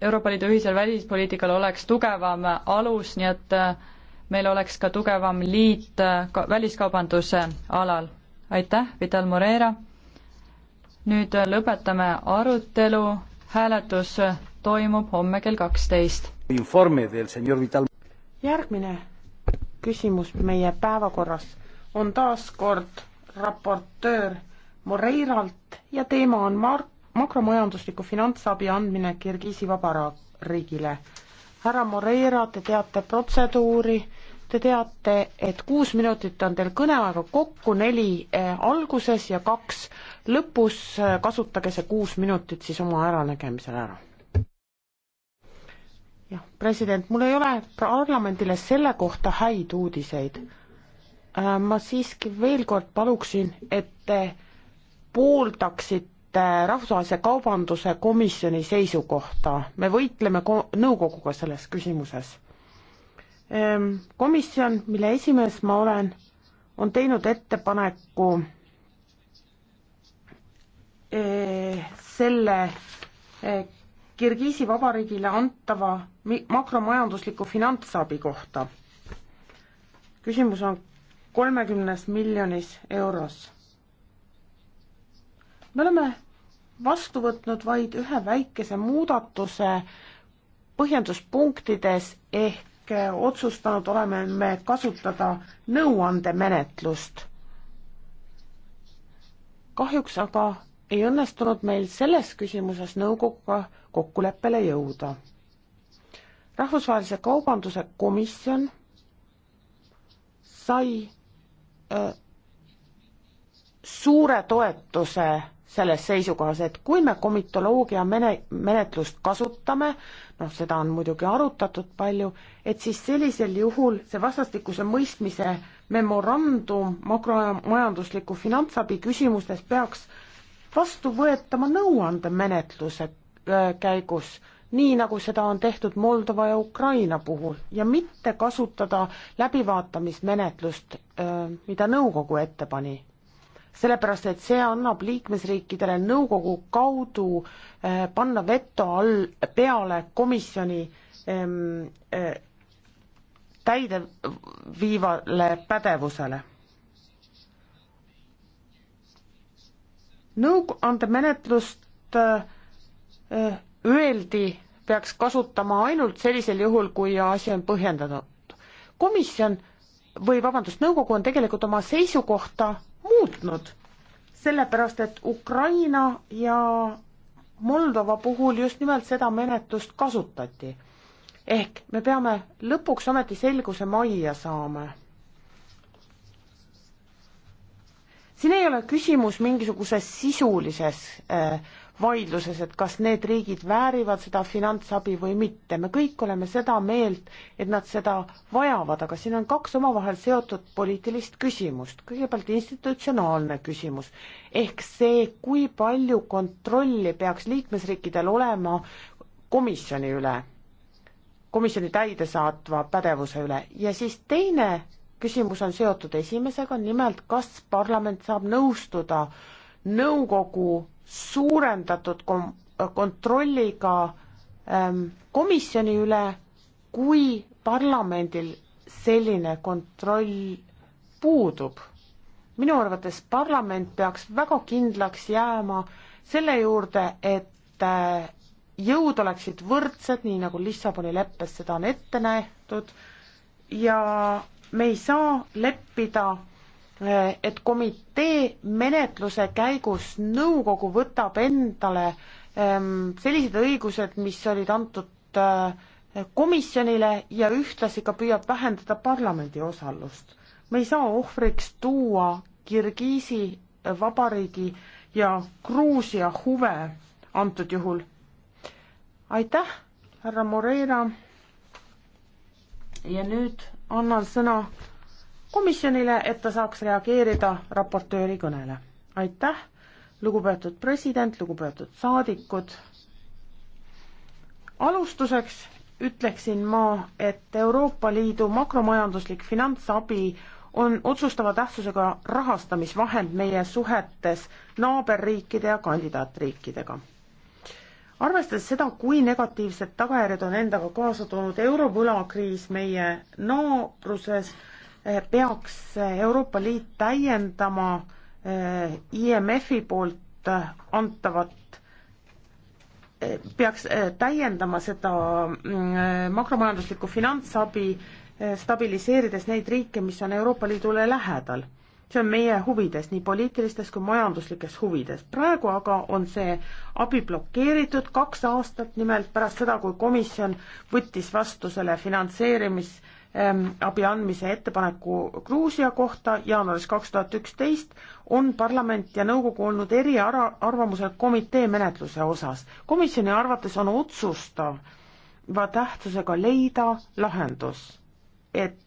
Euroopa Liidu ühisel välispoliitikal oleks tugevam alus, nii et äh, meil oleks ka tugevam liit äh, ka väliskaubanduse alal. aitäh, Vital Moreira! nüüd äh, lõpetame arutelu, hääletus toimub homme kell kaksteist. järgmine küsimus meie päevakorras on taas kord raportöör Moreiralt ja teema on Mart makromajandusliku finantsabi andmine Kirgiisi vabariigile. härra Moreira, te teate protseduuri, te teate, et kuus minutit on teil kõneaega kokku, neli eh, alguses ja kaks lõpus, kasutage see kuus minutit siis oma äranägemisel ära. jah, president, mul ei ole parlamendile selle kohta häid uudiseid. Äh, ma siiski veel kord paluksin, et te pooldaksite Äh, rahvusvahelise kaubanduse komisjoni seisukohta, me võitleme ko-, nõukoguga selles küsimuses. Ähm, komisjon, mille esimees ma olen, on teinud ettepaneku äh, selle äh, Kirgiisi Vabariigile antava makromajandusliku finantsabi kohta. küsimus on kolmekümnes miljonis euros me oleme vastu võtnud vaid ühe väikese muudatuse põhjenduspunktides ehk otsustanud oleme me kasutada nõuandemenetlust. kahjuks aga ei õnnestunud meil selles küsimuses nõukoguga kokkuleppele jõuda. rahvusvahelise kaubanduse komisjon sai öö, äh, suure toetuse selles seisukohas, et kui me komitoloogia mene-, menetlust kasutame, noh, seda on muidugi arutatud palju, et siis sellisel juhul see vastastikuse mõistmise memorandum makromajandusliku finantsabi küsimustes peaks vastu võetama nõuandemenetluse äh, käigus, nii nagu seda on tehtud Moldova ja Ukraina puhul ja mitte kasutada läbivaatamismenetlust, äh, mida nõukogu ette pani sellepärast et see annab liikmesriikidele nõukogu kaudu eh, panna veto all peale komisjoni ehm, eh, täideviivale pädevusele. nõuandemenetlust eh, eh, öeldi, peaks kasutama ainult sellisel juhul, kui asi on põhjendatud. komisjon või vabandust, nõukogu on tegelikult oma seisukohta muutnud, sellepärast et Ukraina ja Moldova puhul just nimelt seda menetlust kasutati. ehk me peame lõpuks ometi selguse majja saama. siin ei ole küsimus mingisuguses sisulises äh, vaidluses, et kas need riigid väärivad seda finantsabi või mitte. me kõik oleme seda meelt, et nad seda vajavad, aga siin on kaks omavahel seotud poliitilist küsimust. kõigepealt institutsionaalne küsimus ehk see, kui palju kontrolli peaks liikmesriikidel olema komisjoni üle, komisjoni täidesaatva pädevuse üle ja siis teine küsimus on seotud esimesega, nimelt kas parlament saab nõustuda äh, nõukogu suurendatud kom-, kontrolliga ähm, komisjoni üle, kui parlamendil selline kontroll puudub. minu arvates parlament peaks väga kindlaks jääma selle juurde, et äh, jõud oleksid võrdsed, nii nagu Lissaboni leppes seda on ette nähtud, ja me ei saa leppida et komitee menetluse käigus nõukogu võtab endale ähm, sellised õigused, mis olid antud äh, komisjonile ja ühtlasi ka püüab vähendada parlamendi osalust. me ei saa ohvriks tuua Kirgiisi Vabariigi ja Gruusia huve antud juhul. aitäh, härra Moreira. ja nüüd annan sõna komisjonile, et ta saaks reageerida raportööri kõnele. aitäh, lugupeetud president, lugupeetud saadikud. alustuseks ütleksin ma, et Euroopa Liidu makromajanduslik finantsabi on otsustava tähtsusega rahastamisvahend meie suhetes naaberriikide ja kandidaatriikidega. arvestades seda, kui negatiivsed tagajärjed on endaga kaasa toonud eurovõlakriis meie naabruses, peaks Euroopa Liit täiendama eh, IMF-i poolt eh, antavat eh, peaks täiendama seda mm, makromajanduslikku finantsabi, stabiliseerides neid riike, mis on Euroopa Liidule lähedal. see on meie huvides, nii poliitilistes kui majanduslikes huvides. praegu aga on see abi blokeeritud kaks aastat, nimelt pärast seda, kui komisjon võttis vastu selle finantseerimis- Ähm, abi andmise ettepaneku Gruusia kohta jaanuaris kaks tuhat üksteist on parlament ja nõukogu olnud eriarvamusel komitee menetluse osas. komisjoni arvates on otsustava tähtsusega leida lahendus, et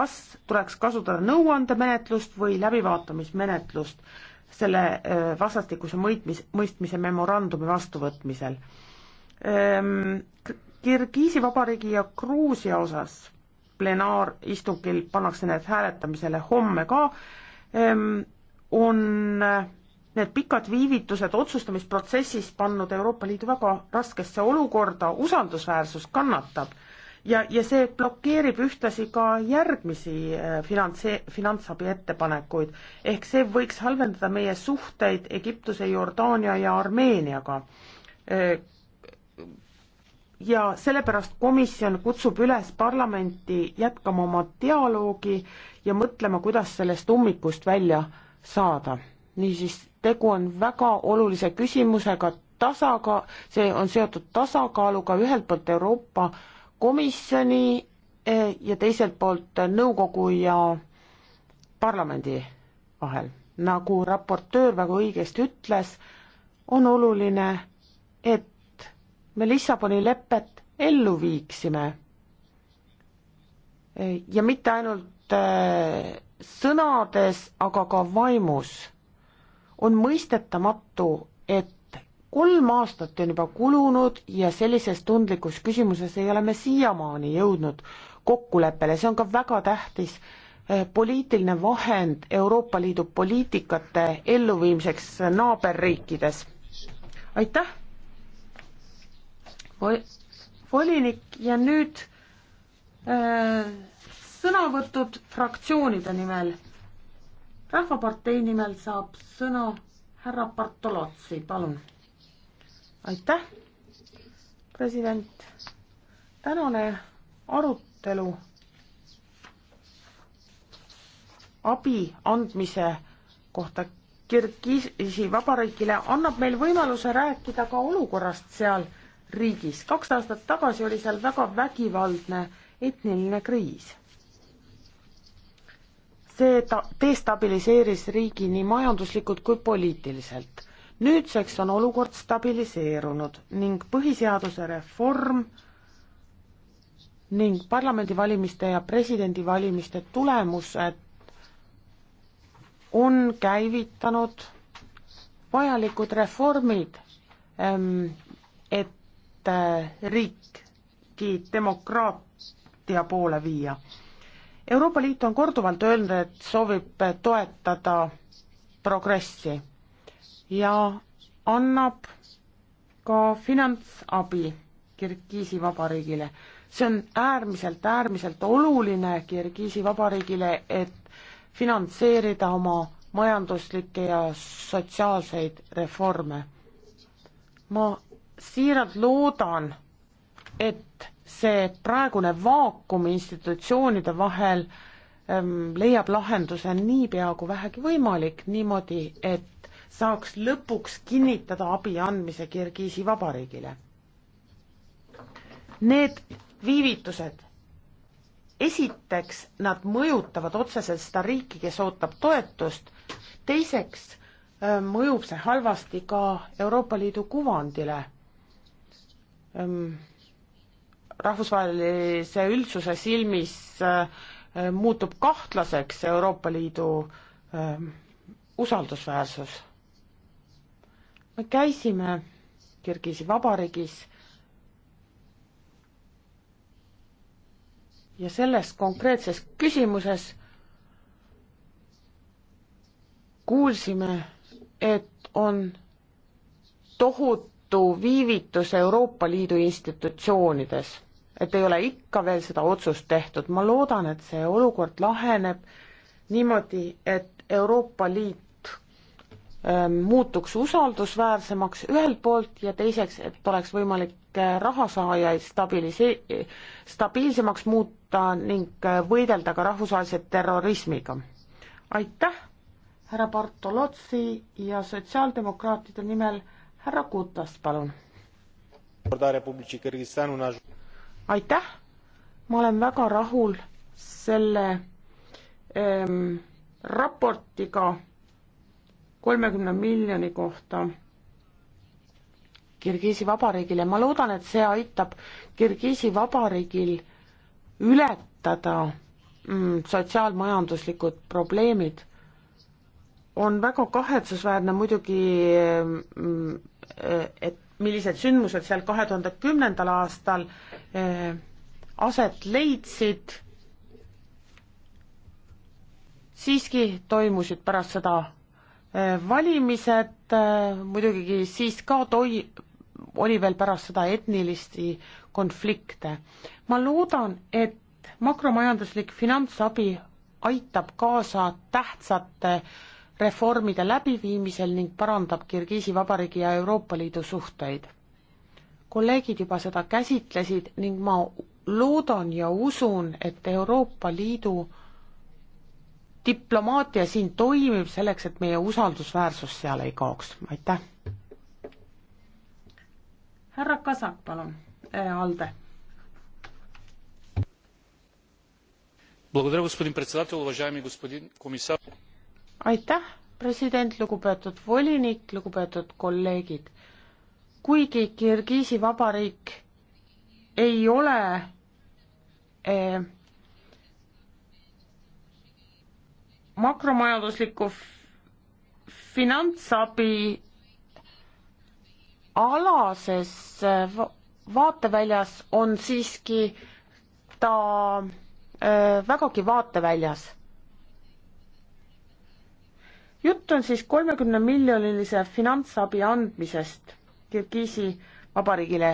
kas tuleks kasutada nõuandemenetlust või läbivaatamismenetlust selle äh, vastastikuse mõitmis, mõistmise memorandumi vastuvõtmisel. Ähm, Kirgiisi Vabariigi ja Gruusia osas plenaaristungil pannakse need hääletamisele homme ka, ehm, on äh, need pikad viivitused otsustamisprotsessis pannud Euroopa Liidu väga raskesse olukorda, usaldusväärsus kannatab ja, ja see blokeerib ühtlasi ka järgmisi äh, finantse-, finantsabi ettepanekuid. ehk see võiks halvendada meie suhteid Egiptuse, Jordaania ja Armeeniaga äh, ja sellepärast komisjon kutsub üles parlamenti jätkama oma dialoogi ja mõtlema, kuidas sellest ummikust välja saada. niisiis, tegu on väga olulise küsimusega, tasaka-, see on seotud tasakaaluga ühelt poolt Euroopa Komisjoni eh, ja teiselt poolt nõukogu ja parlamendi vahel. nagu raportöör väga õigesti ütles, on oluline, et me Lissaboni lepet ellu viiksime. ja mitte ainult äh, sõnades, aga ka vaimus. on mõistetamatu, et kolm aastat on juba kulunud ja sellises tundlikus küsimuses ei ole me siiamaani jõudnud kokkuleppele, see on ka väga tähtis äh, poliitiline vahend Euroopa Liidu poliitikate elluviimiseks naaberriikides. aitäh! volinik ja nüüd äh, sõnavõtud fraktsioonide nimel. rahvapartei nimel saab sõna härra Bartolotsi, palun. aitäh, president. tänane arutelu abi andmise kohta Kirgiisi vabariigile annab meil võimaluse rääkida ka olukorrast seal riigis. kaks aastat tagasi oli seal väga vägivaldne etniline kriis. see ta-, destabiliseeris riigi nii majanduslikult kui poliitiliselt. nüüdseks on olukord stabiliseerunud ning põhiseaduse reform ning parlamendivalimiste ja presidendivalimiste tulemused on käivitanud vajalikud reformid ähm, Eh, riiki demokraatia poole viia. Euroopa Liit on korduvalt öelnud, et soovib toetada progressi ja annab ka finantsabi Kirgiisi Vabariigile. see on äärmiselt, äärmiselt oluline Kirgiisi Vabariigile, et finantseerida oma majanduslikke ja sotsiaalseid reforme. ma siiralt loodan, et see praegune vaakum institutsioonide vahel ähm, leiab lahenduse niipea kui vähegi võimalik, niimoodi, et saaks lõpuks kinnitada abi andmise Kirgiisi Vabariigile. Need viivitused, esiteks nad mõjutavad otseselt seda riiki, kes ootab toetust, teiseks ähm, mõjub see halvasti ka Euroopa Liidu kuvandile Ehm, rahvusvahelise üldsuse silmis ehm, muutub kahtlaseks Euroopa Liidu ehm, usaldusväärsus. me käisime Kirgisi Vabariigis ja selles konkreetses küsimuses kuulsime, et on tohutu tohutu viivitus Euroopa Liidu institutsioonides, et ei ole ikka veel seda otsust tehtud, ma loodan, et see olukord laheneb niimoodi, et Euroopa Liit ähm, muutuks usaldusväärsemaks ühelt poolt ja teiseks, et oleks võimalik äh, rahasaajaid stabilise-, stabiilsemaks muuta ning äh, võidelda ka rahvusvahelise terrorismiga. aitäh, härra Bartolozzi ja sotsiaaldemokraatide nimel härra Kutas, palun. aitäh, ma olen väga rahul selle ähm, raportiga kolmekümne miljoni kohta Kirgiisi Vabariigile, ma loodan, et see aitab Kirgiisi Vabariigil ületada mm, sotsiaalmajanduslikud probleemid. on väga kahetsusväärne muidugi mm, Äh, et millised sündmused seal kahe tuhande kümnendal aastal äh, aset leidsid, siiski toimusid pärast seda äh, valimised, muidugi siis ka toi-, oli veel pärast seda etnilisi konflikte. ma loodan, et makromajanduslik finantsabi aitab kaasa tähtsate äh, reformide läbiviimisel ning parandab Kirgiisi Vabariigi ja Euroopa Liidu suhteid. kolleegid juba seda käsitlesid ning ma loodan ja usun, et Euroopa Liidu diplomaatia siin toimib selleks, et meie usaldusväärsus seal ei kaoks, aitäh. härra Kasak, palun äh,, Alde. Благодаря, господин председател, уважаеми господин комисар aitäh, president, lugupeetud volinik, lugupeetud kolleegid. kuigi Kirgiisi Vabariik ei ole eh, makromajandusliku finantsabi alases eh, vaateväljas on siiski ta öö, eh, vägagi vaateväljas jutt on siis kolmekümne miljonilise finantsabi andmisest Kirgiisi Vabariigile.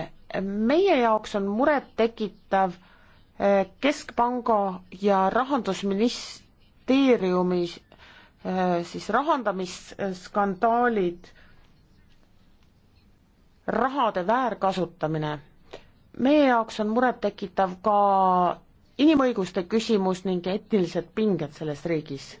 meie jaoks on murettekitav eh, Keskpanga ja rahandusministeeriumi eh, siis rahandamisskandaalid, rahade väärkasutamine. meie jaoks on murettekitav ka inimõiguste küsimus ning etnilised pinged selles riigis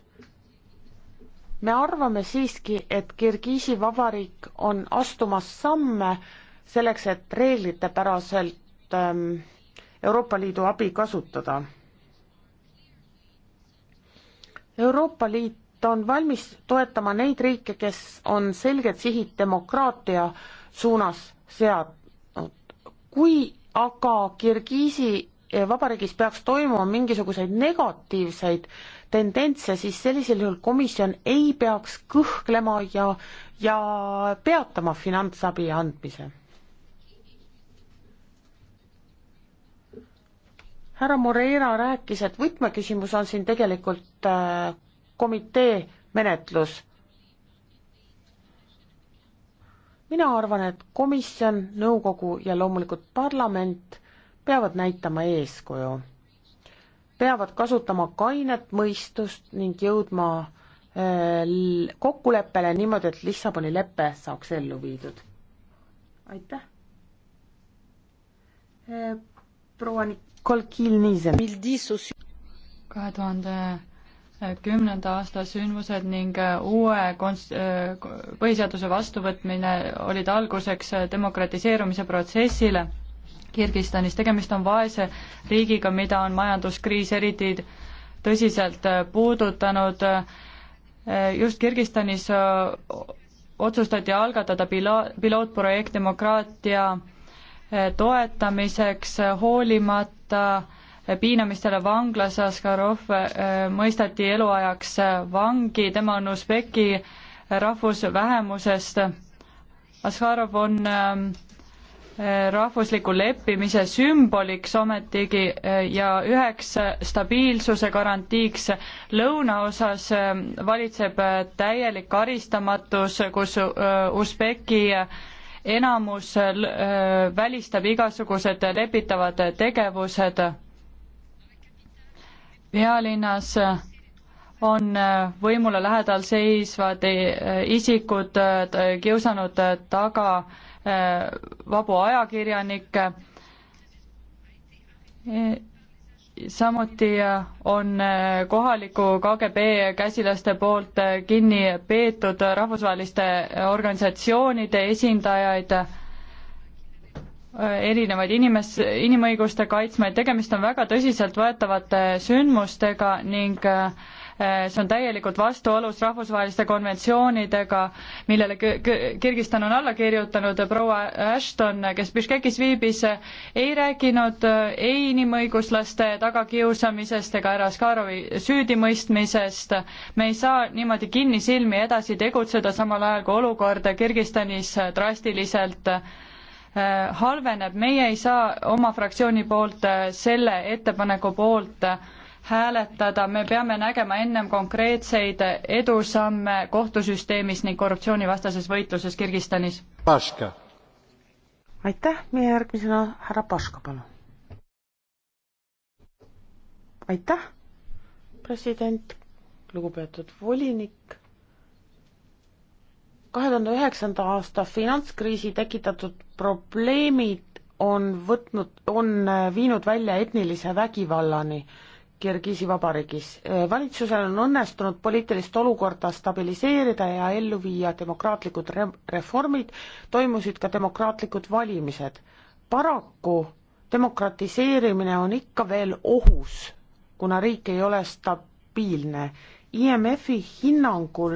me arvame siiski, et Kirgiisi Vabariik on astumas samme selleks, et reeglitepäraselt ähm, Euroopa Liidu abi kasutada. Euroopa Liit on valmis toetama neid riike, kes on selged sihid demokraatia suunas seadnud. kui aga Kirgiisi Vabariigis peaks toimuma mingisuguseid negatiivseid tendentse, siis sellisel juhul komisjon ei peaks kõhklema ja, ja peatama finantsabi andmise. härra Moreira rääkis, et võtmeküsimus on siin tegelikult äh, komitee menetlus. mina arvan, et komisjon, nõukogu ja loomulikult parlament peavad näitama eeskuju peavad kasutama kainet mõistust ning jõudma äh, kokkuleppele niimoodi, et Lissaboni lepe saaks ellu viidud. aitäh. Äh, proua Nicole Kiil-Niisen. kahe tuhande kümnenda aasta sündmused ning äh, uue konst-, põhiseaduse vastuvõtmine olid alguseks demokratiseerumise protsessile Kirgistanis, tegemist on vaese riigiga, mida on majanduskriis eriti tõsiselt äh, puudutanud. Äh, just Kirgistanis äh, otsustati algatada pilo-, pilootprojekt demokraatia toetamiseks, hoolimata piinamistele vanglas Askarov mõisteti eluajaks vangi, tema on Usbeki rahvusvähemusest. Askarov on ähm, rahvusliku leppimise sümboliks ometigi eh, ja üheks stabiilsuse garantiiks lõunaosas eh, valitseb eh, täielik karistamatus, kus Usbeki enamus välistab igasugused lepitavad tegevused. pealinnas on võimule lähedal seisvad isikud kiusanud taga vabu ajakirjanikke. samuti on kohaliku KGB käsilaste poolt kinni peetud rahvusvaheliste organisatsioonide esindajaid, erinevaid inimes-, inimõiguste kaitsmaid, tegemist on väga tõsiseltvõetavate sündmustega ning äh, Äh, see on täielikult vastuolus rahvusvaheliste konventsioonidega, millele Kirgistan on alla kirjutanud, proua Ashton, kes Biškekis viibis, ei rääkinud äh, ei inimõiguslaste tagakiusamisest ega härra Skarovi süüdimõistmisest. me ei saa niimoodi kinnisilmi edasi tegutseda, samal ajal kui olukord Kirgistanis drastiliselt äh, halveneb, meie ei saa oma fraktsiooni poolt selle ettepaneku poolt äh, hääletada, me peame nägema ennem konkreetseid edusamme kohtusüsteemis ning korruptsioonivastases võitluses Kirgistanis. Paška. aitäh, meie järgmisena härra Paška, palun. aitäh, president, lugupeetud volinik. kahe tuhande üheksanda aasta finantskriisi tekitatud probleemid on võtnud, on viinud välja etnilise vägivallani Kirgiisi Vabariigis. Äh, valitsusel on õnnestunud poliitilist olukorda stabiliseerida ja ellu viia demokraatlikud re-, reformid, toimusid ka demokraatlikud valimised. paraku demokratiseerimine on ikka veel ohus, kuna riik ei ole stabiilne. IMF-i hinnangul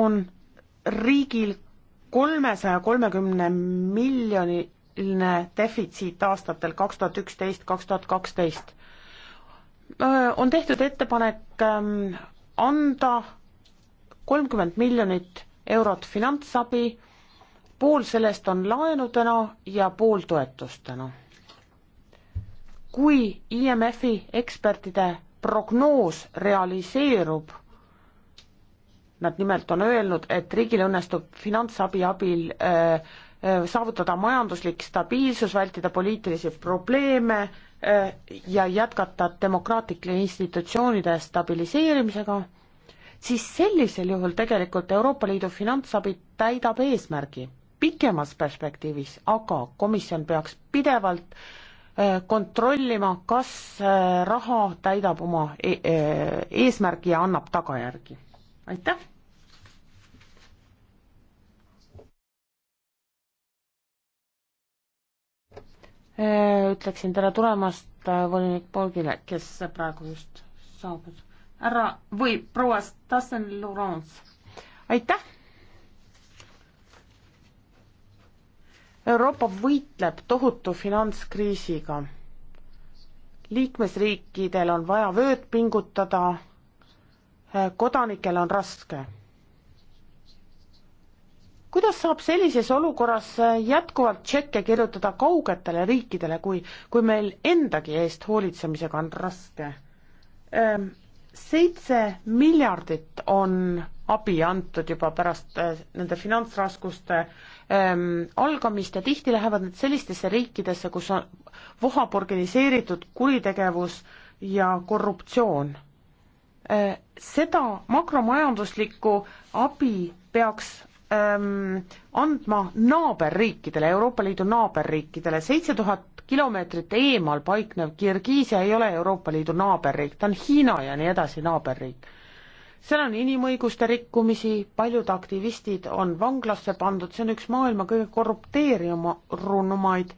on riigil kolmesaja kolmekümne miljoni struktuuriline defitsiit aastatel kaks tuhat üksteist, kaks tuhat kaksteist. on tehtud ettepanek ähm, anda kolmkümmend miljonit eurot finantsabi, pool sellest on laenudena ja pool toetustena. kui IMF-i ekspertide prognoos realiseerub, nad nimelt on öelnud, et riigil õnnestub finantsabi abil äh, Äh, saavutada majanduslik stabiilsus, vältida poliitilisi probleeme äh, ja jätkata demokraatlike institutsioonide stabiliseerimisega, siis sellisel juhul tegelikult Euroopa Liidu finantsabi täidab eesmärgi pikemas perspektiivis, aga komisjon peaks pidevalt äh, kontrollima, kas raha täidab oma eesmärgi ja annab tagajärgi. aitäh! Äh, ütleksin tere tulemast äh, volinik Polgile, kes praegu just saabus. härra või proua Stassen Laurence, aitäh! Euroopa võitleb tohutu finantskriisiga. liikmesriikidel on vaja vööd pingutada, äh, kodanikel on raske kuidas saab sellises olukorras äh, jätkuvalt tšekke kirjutada kaugetele riikidele, kui, kui meil endagi eest hoolitsemisega on raske? Ähm, seitse miljardit on abi antud juba pärast äh, nende finantsraskuste ähm, algamist ja tihti lähevad need sellistesse riikidesse, kus on, vohab organiseeritud kuritegevus ja korruptsioon äh,. seda makromajanduslikku abi peaks ähm, andma naaberriikidele, Euroopa Liidu naaberriikidele, seitse tuhat kilomeetrit eemal paiknev Kirgiisia ei ole Euroopa Liidu naaberriik, ta on Hiina ja nii edasi naaberriik. seal on inimõiguste rikkumisi, paljud aktivistid on vanglasse pandud, see on üks maailma kõige korrupteerinumaid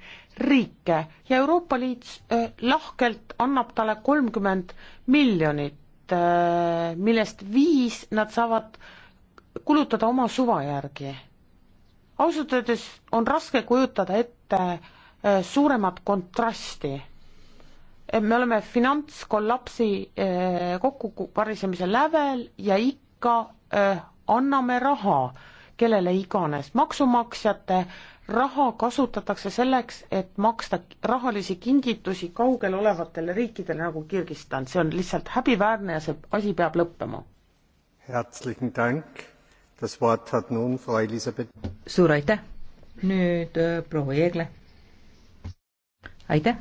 riike ja Euroopa Liit äh, lahkelt annab talle kolmkümmend miljonit äh,, millest viis nad saavad äh, kulutada oma suva järgi. ausalt öeldes on raske kujutada ette äh, suuremat kontrasti. me oleme finantskollapsi äh, kokkuparisemise lävel ja ikka äh, anname raha kellele iganes, maksumaksjate raha kasutatakse selleks, et maksta rahalisi kingitusi kaugel olevatele riikidele nagu Kirgistan, see on lihtsalt häbiväärne ja see asi peab lõppema suur aitäh, nüüd äh, proua Jeegle. aitäh,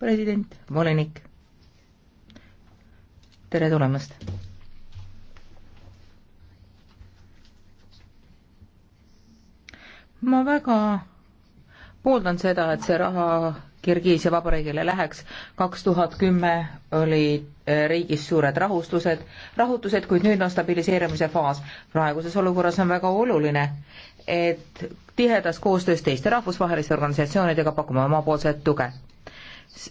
president, volinik. tere tulemast. ma väga pooldan seda, et see raha Kirgiisia Vabariigile läheks. kaks tuhat kümme olid riigis suured rahustused, rahutused, kuid nüüd on stabiliseerimise faas. praeguses olukorras on väga oluline, et tihedas koostöös teiste rahvusvaheliste organisatsioonidega pakume omapoolset tuge.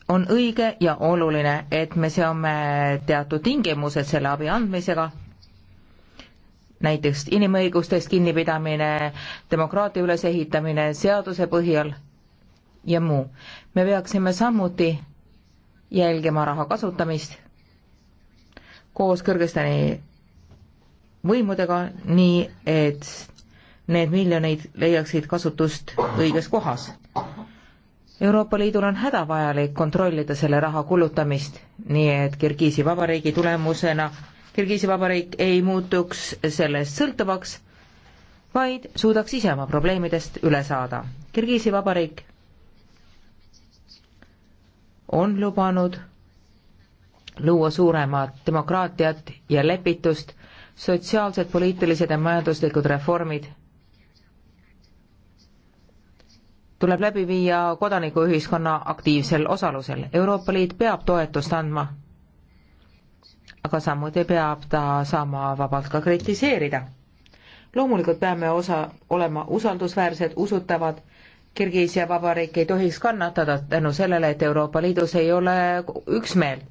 on õige ja oluline, et me seome teatud tingimused selle abi andmisega, näiteks inimõigustest kinnipidamine, demokraatia ülesehitamine seaduse põhjal ja muu. me peaksime samuti jälgima raha kasutamist koos Kõrgõzstani võimudega, nii et need miljoneid leiaksid kasutust õiges kohas. Euroopa Liidul on hädavajalik kontrollida selle raha kulutamist, nii et Kirgiisi Vabariigi tulemusena Kirgiisi Vabariik ei muutuks sellest sõltuvaks, vaid suudaks ise oma probleemidest üle saada. Kirgiisi Vabariik on lubanud luua suuremat demokraatiat ja lepitust, sotsiaalsed, poliitilised ja majanduslikud reformid tuleb läbi viia kodanikuühiskonna aktiivsel osalusel. Euroopa Liit peab toetust andma, aga samuti peab ta saama vabalt ka kritiseerida. loomulikult peame osa, olema usaldusväärsed, usutavad, Kirgiisia vabariik ei tohiks kannatada tänu sellele, et Euroopa Liidus ei ole üksmeelt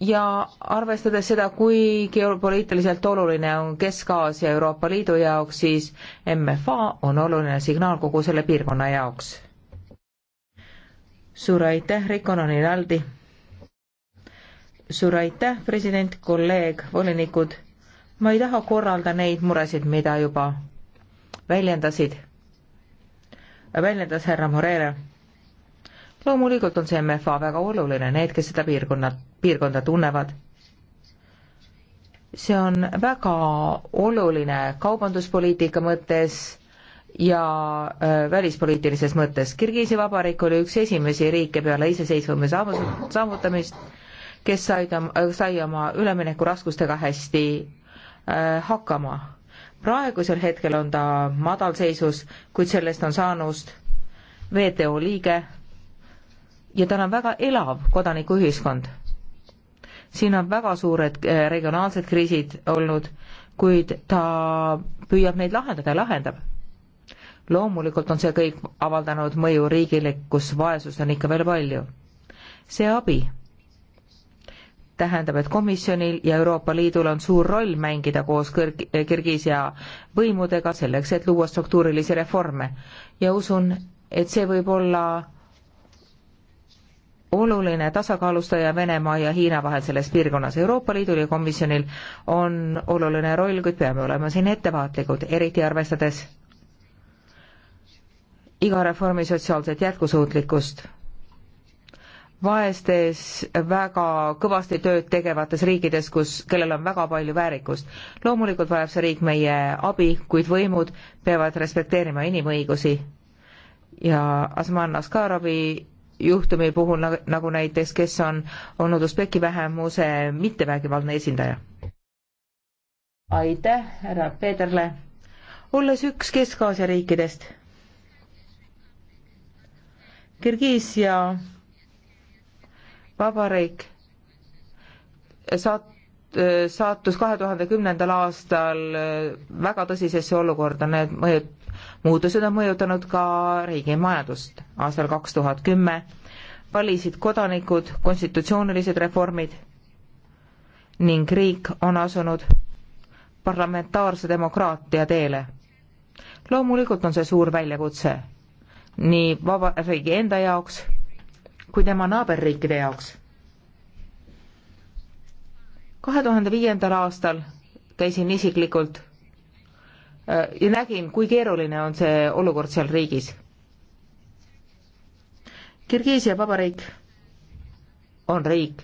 ja arvestades seda, kui geopoliitiliselt oluline on Kesk-Aasia Euroopa Liidu jaoks, siis MFA on oluline signaal kogu selle piirkonna jaoks. suur aitäh, Rico Noninaldi! suur aitäh, president, kolleeg, volinikud! ma ei taha korralda neid muresid, mida juba väljendasid, väljendas härra Morele. loomulikult on see MFA väga oluline, need, kes seda piirkonnat piirkonda tunnevad. see on väga oluline kaubanduspoliitika mõttes ja äh, välispoliitilises mõttes. Kirgiisi Vabariik oli üks esimesi riike peale iseseisvumise saavutamist, kes said, sai oma üleminekuraskustega hästi äh, hakkama. praegusel hetkel on ta madalseisus, kuid sellest on saanud WTO liige ja tal on väga elav kodanikuühiskond siin on väga suured eh, regionaalsed kriisid olnud, kuid ta püüab neid lahendada ja lahendab. loomulikult on see kõik avaldanud mõju riigile, kus vaesust on ikka veel palju. see abi tähendab, et komisjonil ja Euroopa Liidul on suur roll mängida koos kõrg-, eh, Kirgiisia võimudega selleks, et luua struktuurilisi reforme. ja usun, et see võib olla oluline tasakaalustaja Venemaa ja Hiina vahel selles piirkonnas. Euroopa Liidul ja komisjonil on oluline roll, kuid peame olema siin ettevaatlikud, eriti arvestades iga reformi sotsiaalset jätkusuutlikkust. vaestes väga kõvasti tööd tegevates riikides, kus, kellel on väga palju väärikust. loomulikult vajab see riik meie abi, kuid võimud peavad respekteerima inimõigusi ja Asman Askarovi juhtumi puhul, nagu näiteks, kes on olnud Usbeki vähemuse mittevägivaldne esindaja. aitäh härra Peeterle, olles üks Kesk-Aasia riikidest. Kirgiisia vabariik saat-, sattus kahe tuhande kümnendal aastal väga tõsisesse olukorda, need mõjud muutused on mõjutanud ka riigi majandust. aastal kaks tuhat kümme valisid kodanikud konstitutsioonilised reformid ning riik on asunud parlamentaarse demokraatia teele. loomulikult on see suur väljakutse nii vabariigi enda jaoks kui tema naaberriikide jaoks. kahe tuhande viiendal aastal käisin isiklikult Äh, ja nägin, kui keeruline on see olukord seal riigis. Kirgiisia vabariik on riik,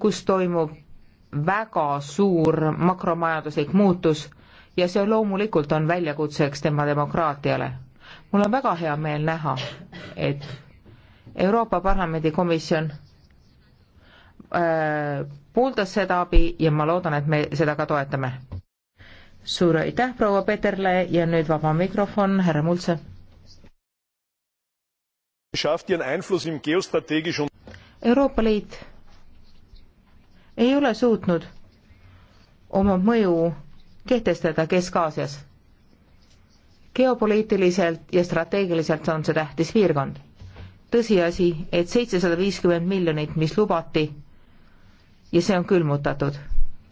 kus toimub väga suur makromajanduslik muutus ja see loomulikult on väljakutseks tema demokraatiale. mul on väga hea meel näha, et Euroopa Parlamendi komisjon äh, pooldas seda abi ja ma loodan, et me seda ka toetame suur aitäh proua Peterle ja nüüd vaba mikrofon, härra Multse. Euroopa Liit ei ole suutnud oma mõju kehtestada Kesk-Aasias. geopoliitiliselt ja strateegiliselt on see tähtis piirkond. tõsiasi, et seitsesada viiskümmend miljonit, mis lubati, ja see on külmutatud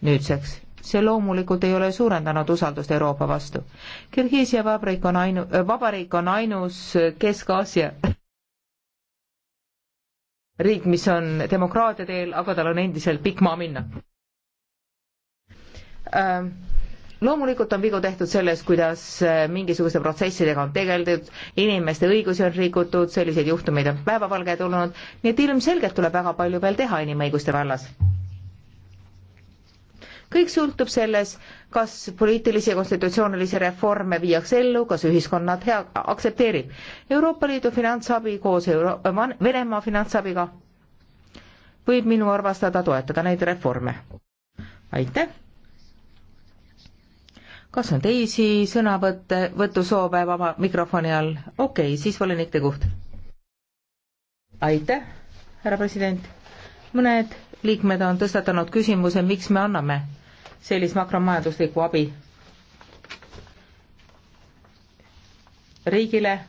nüüdseks see loomulikult ei ole suurendanud usaldust Euroopa vastu. Kirgiisia vabariik on ainu-, vabariik on ainus Kesk-Aasia riik, mis on demokraatia teel, aga tal on endiselt pikk maa minna ähm loomulikult on vigu tehtud selles, kuidas äh, mingisuguste protsessidega on tegeldud, inimeste õigusi on rikutud, selliseid juhtumeid on päevavalge tulnud, nii et ilmselgelt tuleb väga palju veel teha inimõiguste vallas kõik sõltub selles, kas poliitilisi ja konstitutsioonilisi reforme viiakse ellu, kas ühiskonnad hea, aktsepteerib. Euroopa Liidu finantsabi koos Euro-, Venemaa finantsabiga võib minu arvastada toetada neid reforme. aitäh! kas on teisi sõnavõtte, võtusoove vaba mikrofoni all? okei okay,, siis volinik De Guht. aitäh, härra president. mõned liikmed on tõstatanud küsimuse, miks me anname sellist makromajanduslikku abi riigile,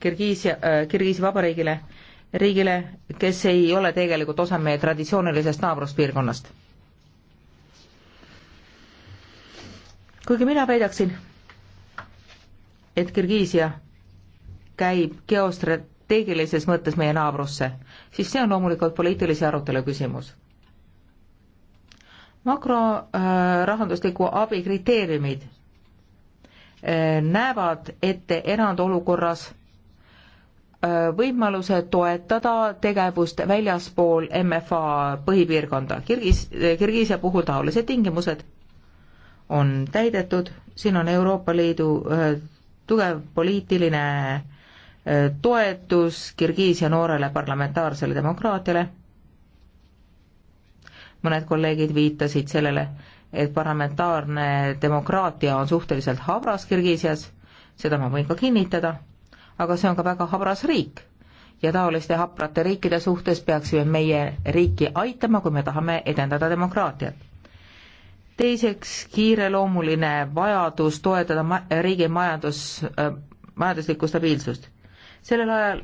Kirgiisia, äh, Kirgiisi vabariigile, riigile, kes ei ole tegelikult osa meie traditsioonilisest naabruspiirkonnast. kuigi mina väidaksin, et Kirgiisia käib geostrateegilises mõttes meie naabrusse, siis see on loomulikult poliitilise arutelu küsimus makrorahandusliku äh, abi kriteeriumid äh, näevad ette erandolukorras äh, võimaluse toetada tegevust väljaspool MFA põhipiirkonda. Kirgis, Kirgiisia puhul taolised tingimused on täidetud, siin on Euroopa Liidu tugev poliitiline toetus Kirgiisia noorele parlamentaarsele demokraatiale mõned kolleegid viitasid sellele, et parlamentaarne demokraatia on suhteliselt habras Kirgiisias, seda ma võin ka kinnitada, aga see on ka väga habras riik. ja taoliste haprate riikide suhtes peaksime meie riiki aitama, kui me tahame edendada demokraatiat. teiseks, kiireloomuline vajadus toetada ma-, riigi majandus äh,, majanduslikku stabiilsust. sellel ajal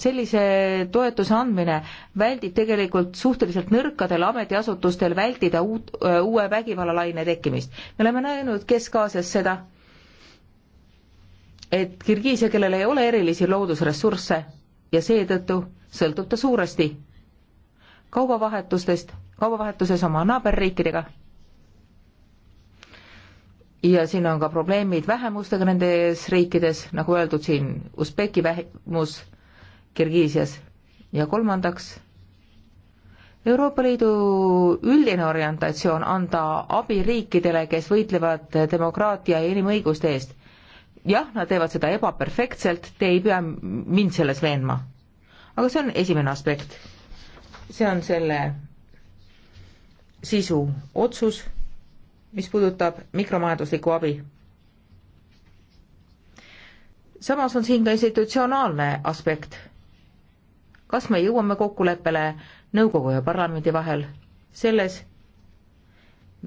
sellise toetuse andmine väldib tegelikult suhteliselt nõrkadel ametiasutustel vältida uut, uue vägivallalaine tekkimist. me oleme näinud Kesk-Aasias seda, et Kirgiisia, kellel ei ole erilisi loodusressursse ja seetõttu sõltub ta suuresti kaubavahetustest, kaubavahetuses oma naaberriikidega ja siin on ka probleemid vähemustega nendes riikides, nagu öeldud siin, Usbeki vähemus Kirgiisias ja kolmandaks, Euroopa Liidu üldine orientatsioon anda abi riikidele, kes võitlevad demokraatia ja inimõiguste eest. jah, nad teevad seda ebaperfektselt, te ei pea mind selles veenma. aga see on esimene aspekt. see on selle sisu otsus, mis puudutab mikromajanduslikku abi samas on siin ka institutsionaalne aspekt kas me jõuame kokkuleppele nõukogu ja parlamendi vahel selles,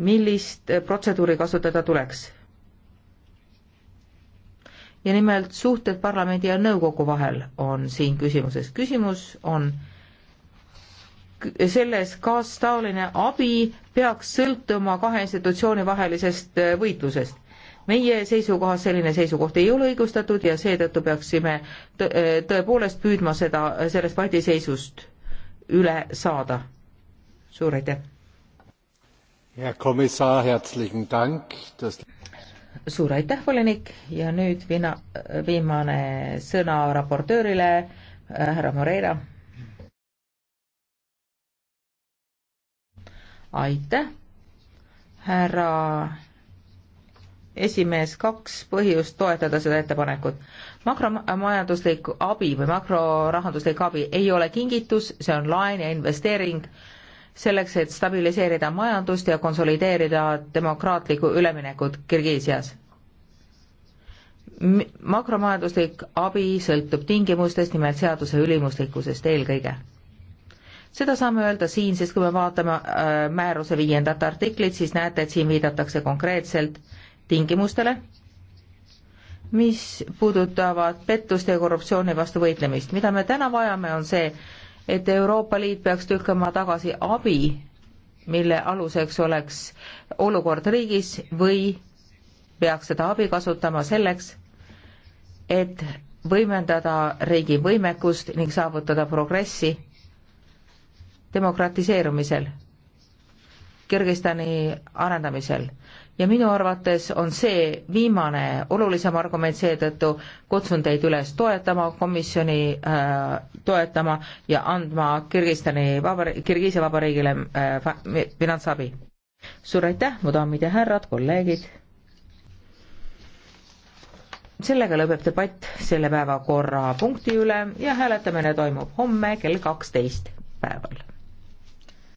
millist protseduuri kasutada tuleks. ja nimelt suhted parlamendi ja nõukogu vahel on siin küsimuses. küsimus on selles, kas taoline abi peaks sõltuma kahe institutsiooni vahelisest võitlusest meie seisukohas selline seisukoht ei ole õigustatud ja seetõttu peaksime äh, tõepoolest püüdma seda, sellest patiseisust üle saada. suur aitäh! suur aitäh, volinik, ja nüüd viina, viimane sõna raportöörile, äh, härra Moreira. aitäh, härra esimees kaks põhjust toetada seda ettepanekut. makromajanduslik abi või makrorahanduslik abi ei ole kingitus, see on laen ja investeering selleks, et stabiliseerida majandust ja konsolideerida demokraatlikku üleminekut Kirgiisias. makromajanduslik abi sõltub tingimustest, nimelt seaduse ülimuslikkusest eelkõige seda saame öelda siin, sest kui me vaatame äh, määruse viiendat artiklit, siis näete, et siin viidatakse konkreetselt äh, tingimustele, mis puudutavad pettuste ja korruptsiooni vastu võitlemist. mida me täna vajame, on see, et Euroopa Liit peaks tükkama tagasi abi, mille aluseks oleks olukord riigis või peaks seda abi kasutama selleks, et võimendada riigi võimekust ning saavutada progressi demokratiseerumisel, Kirgistani arendamisel ja minu arvates on see viimane olulisem argument, seetõttu kutsun teid üles toetama komisjoni äh,, toetama ja andma Kirgistani vabariigi, Kirgiisi vabariigile äh, finantsabi. suur aitäh, mu daamid ja härrad, kolleegid! sellega lõpeb debatt selle päevakorrapunkti üle ja hääletamine toimub homme kell kaksteist päeval.